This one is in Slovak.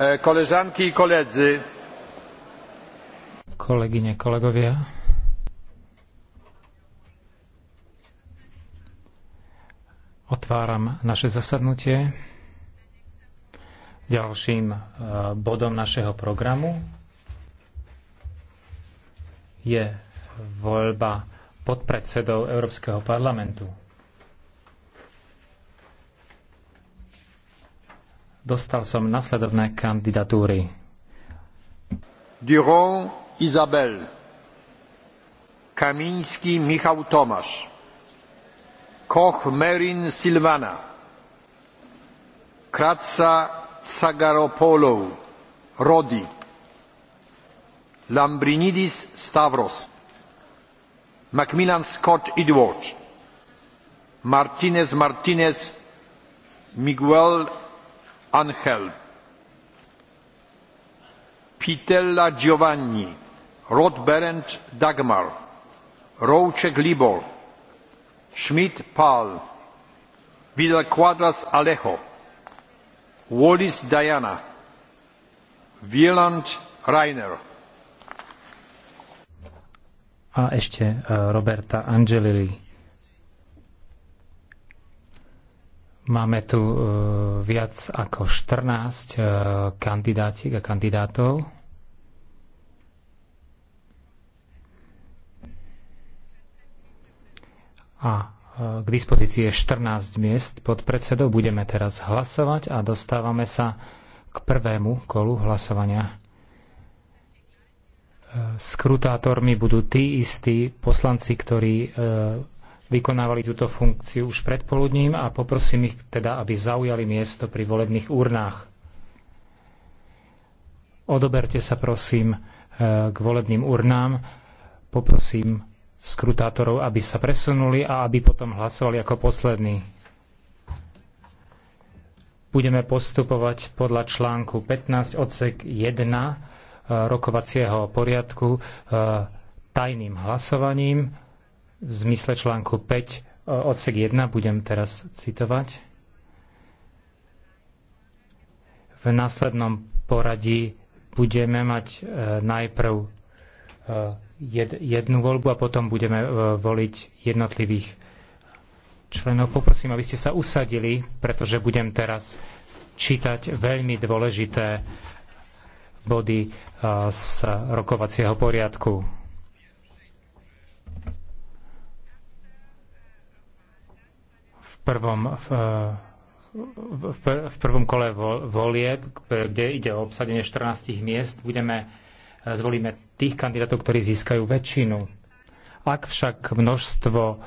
E, koleżanki i koledzy. kolegovia. Otváram naše zasadnutie. Ďalším e, bodom našeho programu je voľba podpredsedov Európskeho parlamentu. Dostal som nasledovné kandidatúry. Durand Isabel Kamiński Michał Tomasz. Koch Merin Silvana. Kratsa Tsagaropoulou Rodi. Lambrinidis Stavros. Macmillan Scott Edward. Martinez Martinez Miguel Angel, Pitella Giovanni, Rodberend Dagmar, Rouček Libor, Schmidt Paul, Vidal Quadras Alejo, Wallis Diana, Wieland Reiner. A ešte eh, Roberta Angelili. Máme tu e, viac ako 14 e, kandidátiek a kandidátov. A e, k dispozícii je 14 miest pod predsedou. Budeme teraz hlasovať a dostávame sa k prvému kolu hlasovania. Skrutátormi budú tí istí poslanci, ktorí vykonávali túto funkciu už predpoludním a poprosím ich teda, aby zaujali miesto pri volebných urnách. Odoberte sa prosím e, k volebným urnám, poprosím skrutátorov, aby sa presunuli a aby potom hlasovali ako poslední. Budeme postupovať podľa článku 15 odsek 1 e, rokovacieho poriadku e, tajným hlasovaním v zmysle článku 5 e, odsek 1 budem teraz citovať. V následnom poradí budeme mať e, najprv e, jednu voľbu a potom budeme voliť jednotlivých členov. Poprosím, aby ste sa usadili, pretože budem teraz čítať veľmi dôležité body z rokovacieho poriadku. prvom, v, v, v prvom kole volieb, kde ide o obsadenie 14 miest, budeme, e, zvolíme tých kandidátov, ktorí získajú väčšinu. Ak však množstvo